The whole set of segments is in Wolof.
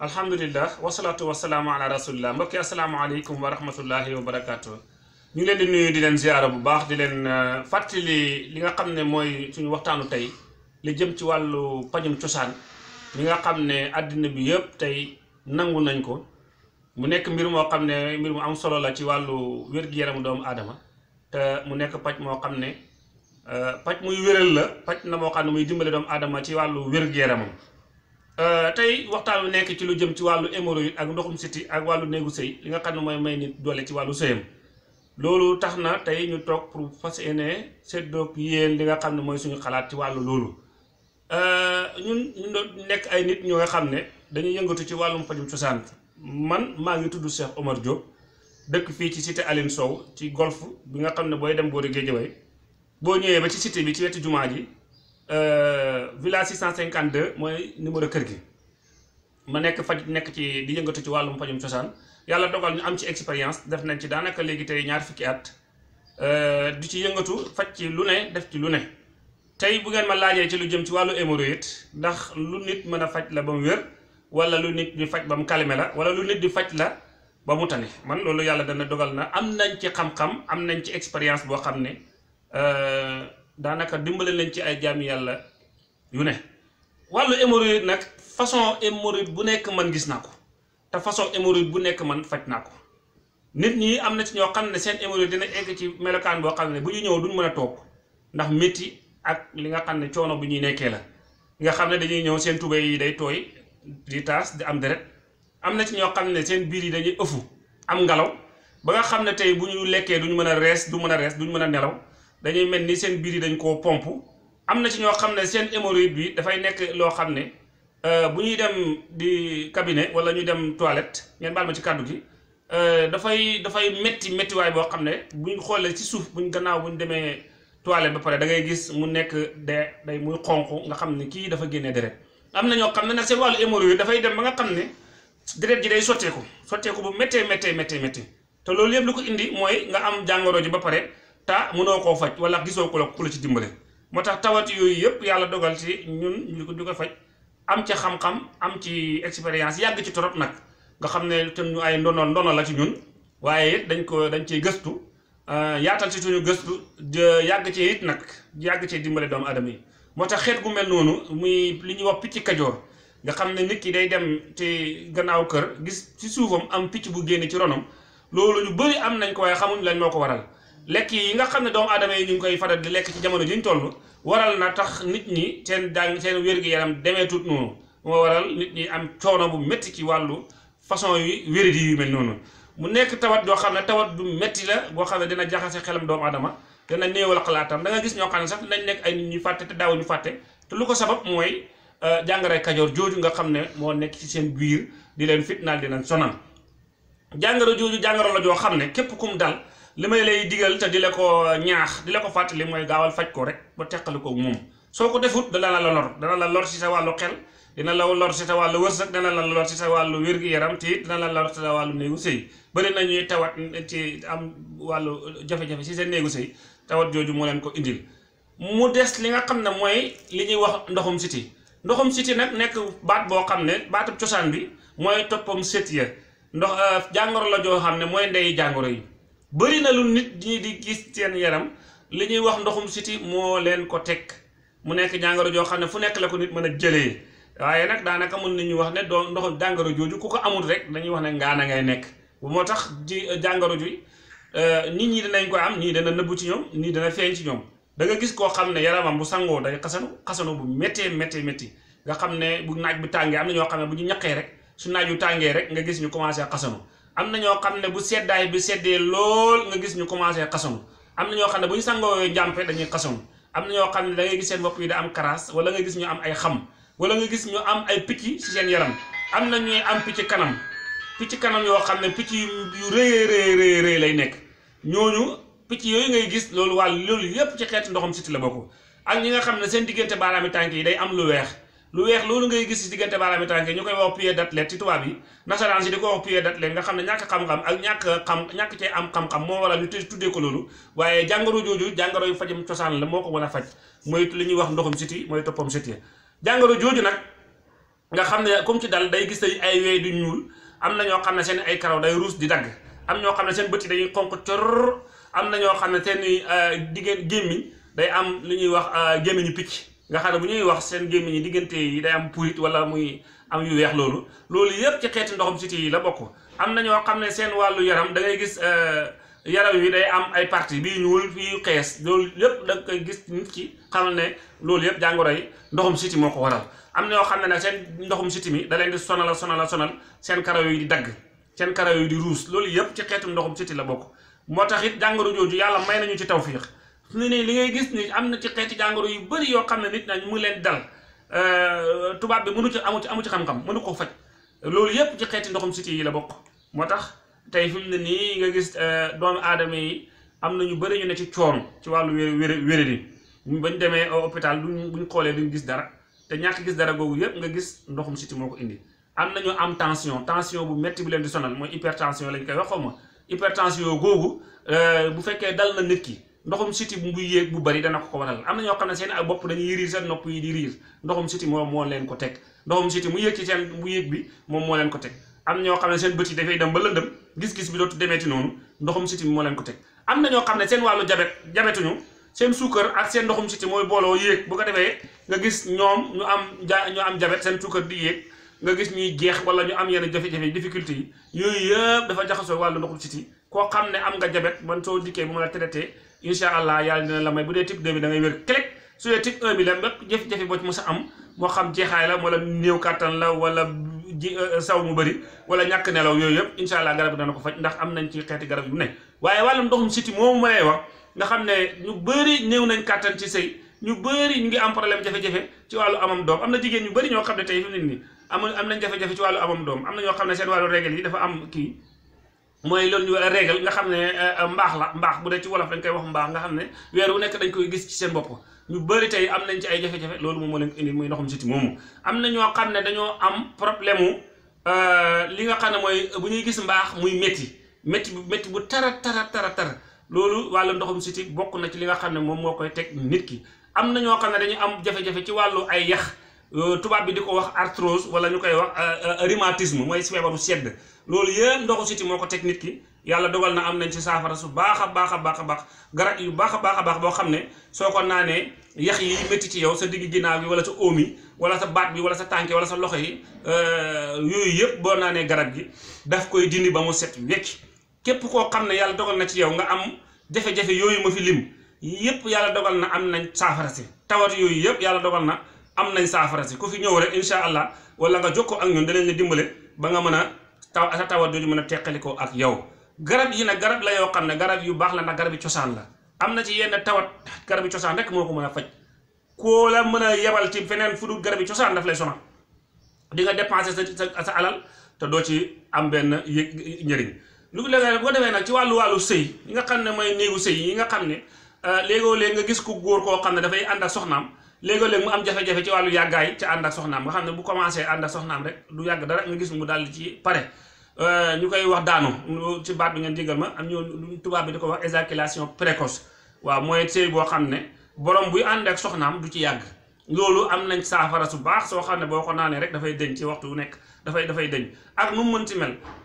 alhamdulilah wasalaatu wasalaamu ala rasulillah mbokki asalaamaaleykum wa rahmatullahi wa ñu leen di nuyu di leen ziara bu baax di leen euh, fàttali li nga xam ne mooy suñu waxtaanu tey li jëm ci wàllu pajum cosaan li nga xam ne àddina bi yëpp tey nangu nañ ko mu nekk mbir moo xam ne mbir mu am solo la ci wàllu wér-gi-yaramu doomu aadama te mu nekk paj moo xam ne euh, paj muy wéral la paj na moo xam ne muy dimbale doomu aadama ci wàllu wér-gi-yaramam Euh, tey waxtaan wi nekk ci lu jëm ci wàllu hémorroïde ak ndoxum siti ak wàllu néegu sëy li nga xam ne mooy may nit doole ci wàllu sëyam loolu tax na tey ñu toog pour fas seddoo seddoog yéen li nga xam ne mooy suñu xalaat ci wàllu loolu euh, ñun ñu nekk ay nit ñoo nga xam ne dañuy yëngatu ci wàllum fajum cosaan man maa ngi tudd seex Omar Diop dëkk fii ci cité Aline Sow ci golf bi nga xam ne booy dem boori Guédiawaye boo ñëwee ba ci cité bi ci wetu jumaa ji euh, villa 652 mooy numéro kër gi ma nekk faj nekk ci di yëngatu ci wàllum fajum cosaan yàlla dogal ñu am ci expérience def nañ ci daanaka léegi tey ñaar fukki at euh, du ci yëngatu faj ci lu ne def ci lu ne tey bu ngeen ma laajee ci lu jëm ci wàllu hémorroïde ndax lu nit mën a faj la ba mu wér wala lu nit di faj ba mu calmer la wala lu nit di faj la ba mu tane man loolu yàlla dana dogal na am nañ ci xam-xam am nañ ci expérience boo xam ne euh, daanaka dimbali nañ ci ay jaami yàlla yu ne wàllu hémorroïde nag façon hémorroïde bu nekk man gis naa ko te façon hémorroïde bu nekk man faj naa ko nit ñi am na ci ñoo xam ne seen hémorroïde dina egg ci melokaan boo xam ne bu ñuy ñëw duñ mën a toog ndax métti ak li nga xam ne coono bu ñuy nekkee la nga xam ne dañuy ñëw seen tubéy yi day tooy di taas di am deret am na ci ñoo xam ne seen biir yi dañuy ëfu am ngelaw ba nga xam ne tey bu ñu lekkee ñu mën a rees du mën a rees duñ mën a nelaw dañuy mel ni seen biir yi dañ koo pomp am na ci ñoo xam ne seen hémorroïde bi dafay nekk loo xam ne euh, bu ñuy dem di cabinet wala ñu dem toilette ngeen baal ma ci kàddu gi euh, dafay dafay métti méttiwaay boo xam ne bu ñu xoolee ci suuf bu ñu gannaaw bu ñu demee toilette ba pare da ngay gis mu nekk de day muy xonq nga xam ne kii dafa génne deret am na ñoo xam ne nag seen wàllu hémorroïde dafay dem ba nga xam ne deret ji day sotteeku sotteeku bu méttee méttee méttee méttee te loolu yëpp lu ko indi mooy nga am jàngoro ji ba pare ta mënoo koo faj wala gisoo ko la ci dimbale. moo tax tawat yooyu yëpp yàlla dogal ci ñun ñu di ko faj am ci xam-xam am ci expérience yàgg ci torop nag nga xam ne te ñu ay ndono ndono la ci ñun waaye it dañ ko dañ ciy gëstu euh, yaatal ci suñu gëstu yàgg ci nag yàgg ci dimbale doomu aadama yi moo tax xeet gu mel noonu muy li ñuy wax picc kajoor nga xam ne nit ki day dem te gannaaw kër gis ci suufam am picc bu génne ci ronom loolu ñu bëri am nañ ko waaye xamuñ lañ moo ko waral lekk yi nga xam ne doomu aadama yi ñu ngi koy faral di lekk ci jamono ji ñu waral na tax nit ñi seen daañ seen wér-gi-yaram demeetut noonu moo waral nit ñi am coono bu métti ci wàllu façon yi wéridi yu mel noonu mu nekk tawat joo xam ne tawat bu metti la boo xam ne dina jaxase xelam doomu aadama dana néewal xalaatam da nga gis ñoo xam ne sax dinañ nekk ay nit ñuy fàtte te daawuñu fàtte te lu ko sabab mooy euh, jàngare kajoor jooju nga xam ne moo nekk ci seen biir di leen fitnaal di leen sonal jàngaro jooju jàngaro joo xam ne képp kum dal li may lay digal te di la ko ñaax di la ko fàttali mooy gaawal faj ko rek ba teqali ko moom soo ko defut dana la lor dana la lor si sa wàllu xel dina la lor si sa wàllu wërsëg dana la lor si sa wàllu wér-gu-yaram te dina la lor si sa wàllu néegu sëy bëri na ñuy tawat ci am wàllu jafe-jafe si seen néegu sëy tawat jooju moo leen ko indil mu des li nga xam ne mooy li ñuy wax ndoxum siti ndoxum siti nag nekk baat boo xam ne baatub cosaan bi mooy toppam sët ya ndox euh, jàngoro la joo xam ne mooy ndey jàngoro yi bëri na lu nit ñi di gis seen yaram li ñuy wax ndoxum siti moo leen ko teg mu nekk jàngoro joo xam ne fu nekk la ko nit mën a jëlee waaye nag daanaka mën nañu wax ne doo ndoxum jàngoro jooju ku ko amul rek dañuy wax ne ngaana ngay nekk bu moo tax ji euh, jàngoro ji euh, nit ñi dinañ ko am ñii dana nëbbu ci ñoom ñii dana feeñ ci ñoom da nga gis koo xam ne yaramam bu sangoo day xasanu xasanu bu méttee méttee métti nga xam ne bu naaj bi tàngee am na ñoo xam ne bu ñu ñaqee rek su naaj yu tàngee rek nga gis ñu commencé xasanu am na ñoo xam ne bu seddaay bi seddee lool nga gis ñu commencé xasan am na ñoo xam ne bu ñu sangoo njàmpe dañuy xasan am na ñoo xam ne da ngay gis seen bopp yi da am karaas wala nga gis ñu am ay xam wala nga gis ñu am ay picc ci seen yaram am na ñuy am picc kanam picc kanam yoo xam ne picc yu rëy rëy rëy lay nekk ñooñu picc yooyu ngay gis loolu waal loolu yépp ci xeetu ndoxam siti la bokk ak ñi nga xam ne seen diggante baaraami tànk yi day am lu weex lu weex loolu ngay gis ci diggante baaraami tànk yi ñu koy wax pied d'athlète ci tubaab yi nasaraan si di ko wax pied d'athlète nga xam ne ñàkk xam-xam ak ñàkk xam ñàkk cee am xam moo waral ñu tuddee ko loolu waaye jàngoro jooju jàngoro yu fajum cosaan la moo ko mën a faj mooy li ñuy wax ndoxum siti mooy toppam siti jàngoro jooju nag nga xam ne comme ci dal day gis ay ay wey du am na ñoo xam ne seen ay karaw day ruus di dagg am ñoo xam ne seen bët yi dañuy xonq cor am na ñoo xam ne seen euh, diggéen gémmiñ day am li ñuy wax euh, gémmiñu picc nga xam ne bu ñuy wax seen gémmiñ yi diggante yi day am purit wala muy am yu weex loolu loolu yëpp ci xeeti ndoxum siti yi la bokk am na ñoo xam ne seen wàllu yaram da ngay gis euh, yaram wi day am ay parti bii ñuul fii xees loolu yëpp da nga koy gis nit xam ne loolu yëpp jàngoro yi ndoxum siti moo ko waral am na ñoo xam ne nag seen ndoxum siti mi da leen di sonal sonal sonal seen karaw yi di dagg seen yi di ruus loolu yëpp ci xeetu ndoxum siti la bokk moo tax it jàngoro jooju yàlla may nañu ci tawfiix su ne nii li ngay gis ni am na ci xeeti jàngoro yu bëri yoo xam ne nit nañ mu leen dal euh, tubaab bi mënu ci amu ci amu ci xam-xam mënu ko faj loolu yépp ci xeeti ndoxum siti yi la bokk moo tax tey fi mu ne nii nga gis euh, doomu aadama yi am na ñu bëri ñu ne ci coono ci wàllu wér wér di bañ demee hôpital bu ñu xoolee duñ gis dara te ñàkk gis dara googu yépp nga gis ndoxum siti moo ko indi am nañu am tension tension bu métti bu leen di sonal mooy hypertension lañ koy wax xaw ma hypertension googu euh, bu fekkee dal nit ki ndoxum siti bu yéeg bu bari dana ko ko waral am na ñoo xam ne seen bopp dañuy riir seen nopp yi di riir ndoxum siti moo leen ko teg ndoxum siti mu yéeg moo leen ko teg am ñoo xam ne seen bët yi dafay dem ba lëndëm gis-gis bi dootu demeeti noonu ndoxum siti bi moo leen ko teg am na ñoo xam ne seen wàllu jabet jabetuñu seen suukar ak seen ndoxum siti mooy booloo yéeg bu ko defee nga gis ñoom ñu am ja ñu am jabet seen suukar di yéeg nga gis ñuy jeex wala ñu am yenn jafe-jafe difficulté yi yooyu yëpp dafa jaxasoo wàllu ndoxum siti koo xam ne am nga jabet man soo dikkee bu ma la traité incha allah yàlla dina la may bu dee type 2 bi da wér clé su dee type 1 bi la bépp jafe-jafe boo ci mos am moo xam jeexaay la wala néew kàttan la wala ji euh, euh, saw mu bëri wala ñàkk nelaw yooyu yëpp incha allah garab dana ko faj ndax am nañ ci xeeti garab yu ne waaye wàllum ndoxum siti moomu ma lay wax nga xam ne ñu bëri néew nañ kàttan ci sëy ñu bëri ñu ngi am problème jafe-jafe ci wàllu amam doom am na jigéen ñu bari ñoo xam ne tey fi nit ñi am am nañ jafe-jafe ci wàllu doom am na ñoo xam ne seen wàllu règle yi dafa am kii mooy loolu régal nga xam ne euh, mbaax la mbaax bu dee ci wolof dañ koy wax mbaax nga xam ne weer wu nekk dañ koy gis ci seen bopp ñu bëri tey am nañ ci ay jafe-jafe loolu moom moo leen indi muy ndoxum siti moomu am na ñoo xam ne dañoo am problème mu euh, li nga xam ne mooy bu ñuy gis mbaax muy métti métti bu métti bu tara tara tara loolu wàllu ndoxum siti bokk na ci li nga xam ne moom moo koy teg nit ki am na ñoo xam ne dañu am jafe-jafe ci wàllu ay yax Euh, tubaab bi di ko wax arthrose wala ñu koy wax euh, euh, rhumatisme mooy mu sedd loolu yëpp ndoxu siti moo ko teg nit ki yàlla dogal na am nañ ci saafara su baax a baax a a baax garab yu baax a baax a baax boo xam ne soo ko naanee yax yi métti ci yow sa digg ginnaaw bi wala sa óom yi wala sa baat bi wala sa tànke sa loxo yi yooyu yëpp boo naanee garab gi daf koy dindi ba mu set wecc képp koo xam ne yàlla dogal na ci yow nga am jafe yooyu ma fi lim yëpp yàlla dogal na am nañ saafara si tawat yooyu yëpp yàlla dogal na am nañ saafara si ku fi ñëw rek incha allah wala nga ko ak ñun danañ la dimbale ba nga mën a taw sa tawat jooju mën a teqalikoo ak yow garab yi nag garab la yoo xam ne garab yu baax la nag garab yi cosaan la am na ci yenn tawat garab yi cosaan rek moo ko mën a faj koo la mën a yebal ci feneen fu dul garab yi cosaan daf lay sonal di nga dépenser sa sa alal te doo ci am benn yëg njëriñ lu léegi boo demee nag ci wàllu wàllu sëy yi nga xam ne mooy néegu sëy yi nga xam ne euh, léegoo nga gis ku góor koo xam ne dafay ànd ak soxnaam léegoo-léeg mu am jafe-jafe ci wàllu yàggaay ci ànd ak soxnaam nga xam ne bu commencé ànd ak soxnaam rek du yàgg dara nga gis mu daal di ci pare euh, ñu koy wax daanu ci baat bi ngeen jégal ma am ñoo tubaab bi di ko wax éjaculation précoce waaw mooy sëy xam ne borom buy ànd ak soxnaam du ci yàgg loolu am nañ saafara su baax soo xam ne boo ko naanee rek dafay dëñ ci waxtu wu nekk dafay dafay dëñ ak nu mu mënti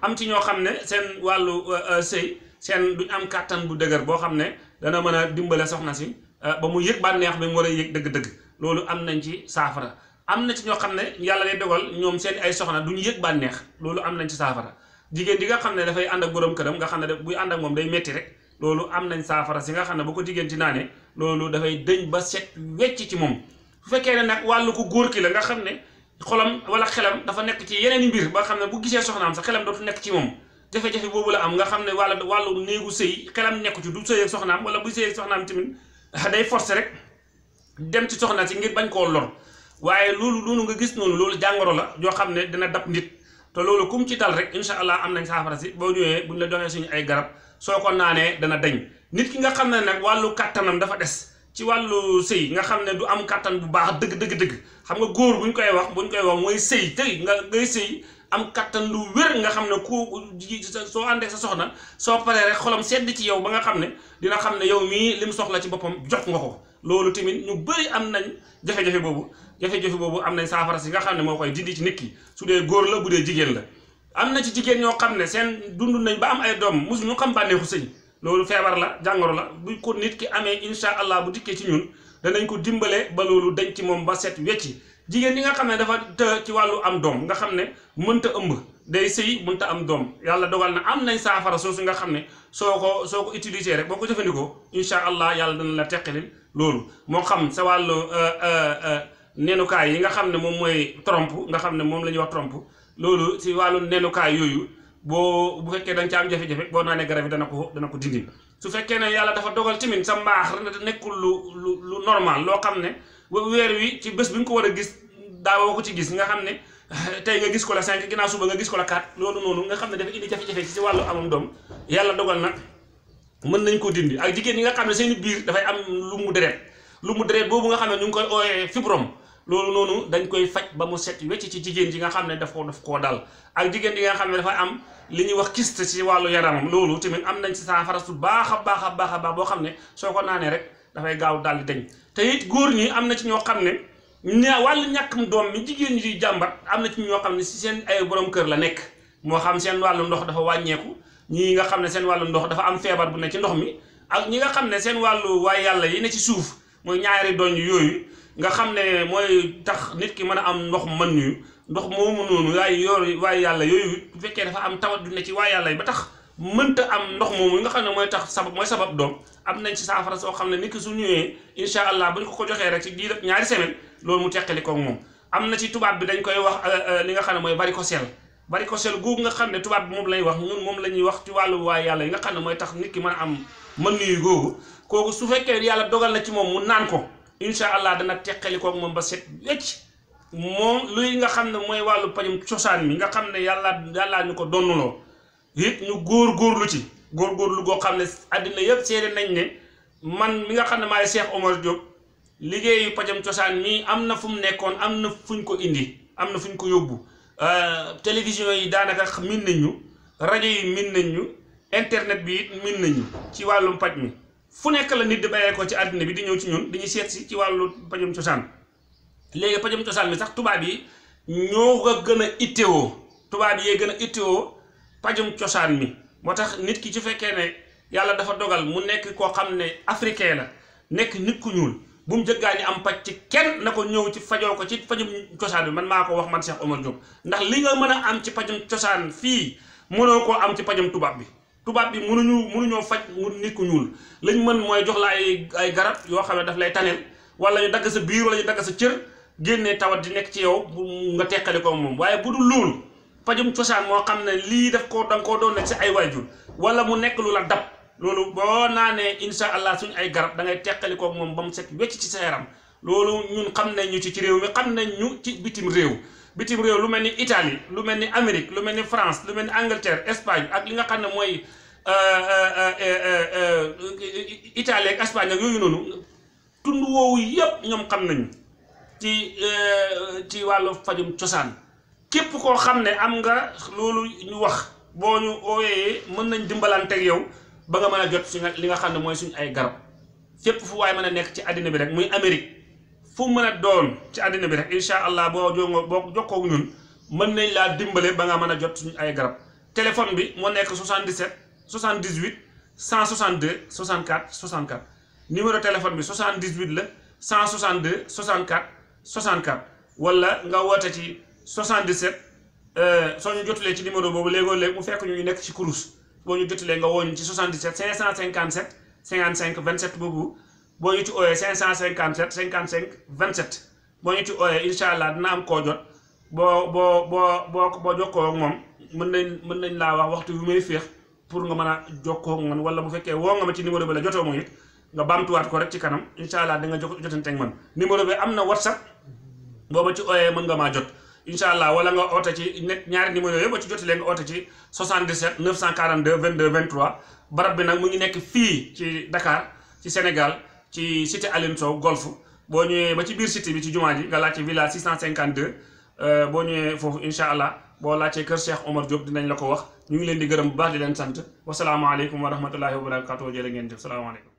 am ci ñoo xam ne seen wàllu euh, euh, sëy seen duñ am kàttan bu dëgër boo xam ne dana mën a dimbale soxna si ba mu yëg bànneex bi mu war a yëg dëgg-dëgg loolu am nañ ci saafara am na ci ñoo xam ne yàlla day dogal ñoom seen ay soxna du ñu yëg bànneex loolu am nañ ci saafara jigéen di nga xam ne dafay ànd ak borom këram nga xam ne buy ànd ak moom day metti rek loolu am nañ saafara si nga xam ne bu ko jigéen ci naanee loolu dafay dëñ ba set wecc ci moom su fekkee ne nag wàllu ko góor ki la nga xam ne xolam wala xelam dafa nekk ci yeneen mbir ba xam ne bu gisee soxnaam sax xelam dootu nekk ci moom jafe-jafe boobu la am nga xam ne wàll wàllu néegu sëy xelam nekku ci du sëy ak soxnaam wala bu sëy ak soxnaam tamit day forcé rek dem ci soxna si ngir bañ koo lor waaye loolu loolu nga gis noonu loolu jàngoro la joo xam ne dina dab nit te loolu kum ci dal rek incha allah am nañ saafara si boo ñëwee buñ la joxee suñu ay garab soo ko naanee dana dañ nit ki nga xam ne nag wàllu kàttanam dafa des ci wàllu sëy nga xam ne du am kàttan bu baax dëgg dëgg dëgg xam nga góor buñ koy wax buñ koy wax mooy sëy tey nga ngay sëy am kàttan lu wér nga xam ne ku soo àndee sa soxna soo paree rek xolam sedd ci yow ba nga xam ne dina xam ne yow mii lim soxla ci boppam jox nga ko loolu tamit ñu bëri am nañ jafe-jafe boobu jafe-jafe boobu am nañ saafara si nga xam ne moo koy dindi ci nit ki su dee góor la bu dee jigéen la am na ci jigéen ñoo xam ne seen dund nañ ba am ay doom mosu ñu xam bànneexu sëñ loolu feebar la jàngoro la bu ko nit ki amee incha allah bu dikkee ci ñun danañ ko dimbale ba dañ ci moom ba set wecci jigéen ñi nga xam ne dafa ci wàllu am doom nga xam ne mënta ëmb day sëy mënta am doom yàlla dogal na am nañ saafara soosu nga xam ne soo ko soo ko rek boo ko jëfandikoo incha allah yàlla dana la teqalil loolu moo xam sa wàllu euh, euh, euh, nenukaay yi nga xam ne moom mooy trompe nga xam ne moom la ñuy wax tromp loolu si wàllu nenukaay yooyu boo bu fekkee da nga ci am jafe-jafe boo naanee garab yi dana ko dana ko su fekkee ne yàlla dafa dogal tamit sa mbaax nekkul lu lu lu normal loo xam ne weer wi ci bés bi nga ko war a gis woo ko ci gis nga xam ne tey nga gis ko la 5 ginnaaw suba nga gis ko la 4 loolu noonu nga xam ne dafa indi jafe-jafe ci si wàllu amam doom yàlla dogal na mën nañ koo dindi ak jigéen ñi nga xam ne seen biir dafay am lu mu deret lu mu deret boobu nga xam ne ñu ngi koy ooyee fibrom loolu noonu dañ koy faj ba mu set wecc ci jigéen ji nga xam ne daf ko daf koo dal ak jigéen ji nga xam ne dafa am li ñuy wax kyste ci wàllu yaramam loolu tamit am nañ ci saafara su baax a baax a baax a baax boo xam ne soo ko naanee rek dafay gaaw daal di dañ te it góor ñi am na ci ñoo xam ne ña wàll ñàkkum doom mi jigéen ñi di jàmbat am na ci ñoo xam ne si seen ay borom kër la nekk moo xam seen wàllu ndox dafa wàññeeku ñii nga xam ne seen wàllu ndox dafa am feebar bu ne ci ndox mi ak ñi nga xam ne seen wàllu waay yàlla yi ne ci suuf mooy ñaari doñ yooyu nga xam ne mooy tax nit ki mën a am ndox mën ñu ndox moomu noonu waay yooyu waay yàlla yooyu bu dafa am tawat du ne ci waay yàlla ba tax mënta am ndox moomu nga xam ne mooy tax sabab mooy sabab doom am nañ ci saafara soo xam ne nit ki su ñëwee incha allah bu ñu ko ko joxee rek ci diir ñaari semaine loolu mu teqali koog moom am na ci tubaab bi dañ koy wax euh, euh, li nga xam ne mooy bari ko sel bari ko sel googu nga xam ne tubaab bi moom lay wax ñun moom la ñuy wax ci wàllu waay yàlla yi nga xam ne mooy tax nit ki mën am mën nuyu googu kooku su fekkee yàlla dogal na ci moom mu naan ko incha allah dana teqali koog moom ba set wecc moom luy nga xam ne mooy wàllu pajum cosaan mi nga xam ne yàlla yàllaa ñu ko donnuloo it ñu góor góorlu ci góor góorlu goo xam ne àddina yëpp seede nañ ne man xam ne maay Cheikh Omar Diop liggéeyu pajam cosaan mi am na fu mu nekkoon am na fu fuñ ko indi am na fuñ ko yóbbu Euh, télévision yi daanaka min nañu rajo yi min nañu internet bi it min nañu ci wàllum paj mi fu nekk la nit di bàyyee ci àddina bi di ñëw ci ñun dañuy seet si ci wàllu pajum cosaan léegi pajum cosaan mi sax tubaab yi ñoo gën a itteewoo tubaab yee gën a itteewoo pajum cosaan mi moo tax nit ki ci fekkee ne yàlla dafa dogal mu nekk koo xam ne africain la nekk nit ku ñuul bu mu jëggaani am paj ci kenn na ko ñëw ci fajoo ko ci fajum cosaan bi man maa ko wax man Cheikh Omar Diop ndax li nga mën a am ci fajum cosaan fii mënoo koo am ci pajum tubaab bi tubaab bi mënuñu mënuñoo faj nit ku ñuul lañ mën mooy jox la ay ay garab yoo xam ne daf lay taneel wala ñu dagg sa biir wala ñu dagg sa cër génnee tawat di nekk ci yow nga teqali ko moom waaye bu dul loolu pajum cosaan moo xam ne lii daf koo danga nga koo doon nekk si ay waajur wala mu nekk lu la dab loolu boo naanee insha allah suñ ay garab da ngay teqali koog moom ba mu set wecc ci sa yaram loolu ñun xam nañ ñu ci ci réew mi xam nañ ñu ci bitim réew bitim réew lu mel ni Italie lu mel ni Amérique lu mel ni France lu mel ni Angleterre Espagne ak li nga xam ne mooy euh, euh, euh, Italie ak Espagne ak yooyu noonu tund woowu yépp ñoom xam nañ ci ci wàllu fajum cosaan képp koo xam ne am nga loolu ñu wax boo ñu ooyee mën nañ dimbalanteeg yow ba nga mën a jot suñu li nga xam ne mooy suñ ay garab fépp fu waay mën a nekk ci àddina bi rek muy Amérique fu mën a doon ci àddina bi rek incha allah boo jongo boo jokkoo ñun mën nañ laa dimbale ba nga mën a jot suñu ay garab téléphone bi moo nekk 77 78 162 64 64 numéro téléphone bi 78 la 162 64 64 wala nga woote ci 77 euh, soo ñu jotulee ci numéro boobu léegoo léeg mu fekk ñu nekk ci kurus. boo ñu jotalee nga woo ñu ci 77 557 55 27 boobu boo ñu ci ooyee 557 55 27 boo ñu ci ooyee incha allah dina am koo jot boo boo boo boo boo jokkoo ak moom mën nañ mën nañ laa wax waxtu bi muy féex pour nga mën a jokkoo ak man wala bu fekkee woo nga ma ci numéro bi la jotoo ma it nga baamtuwaat ko rek ci kanam incha allah da nga jotante ak man numéro bi am na whatsapp boo ma ci ooyee mën nga maa jot. incha allah wala nga oote ci ñaari numéro yooyu ma ci jotee nga oote ci 77 942 22 23 barab bi nag mu ngi nekk fii ci Dakar ci Sénégal ci cité Aline Sow golf boo ñëwee ba ci biir cité bi ci jumaa ji nga laajte villa 652 euh, boo ñëwee foofu incha allah boo laajtee kër Cheikh Omar Diop dinañ la ko wax ñu ngi leen di gërëm bu baax di leen sant wasalaamaaleykum wa rahmatullahi wa barakatuh jërë ngeen jëf salaamaaleykum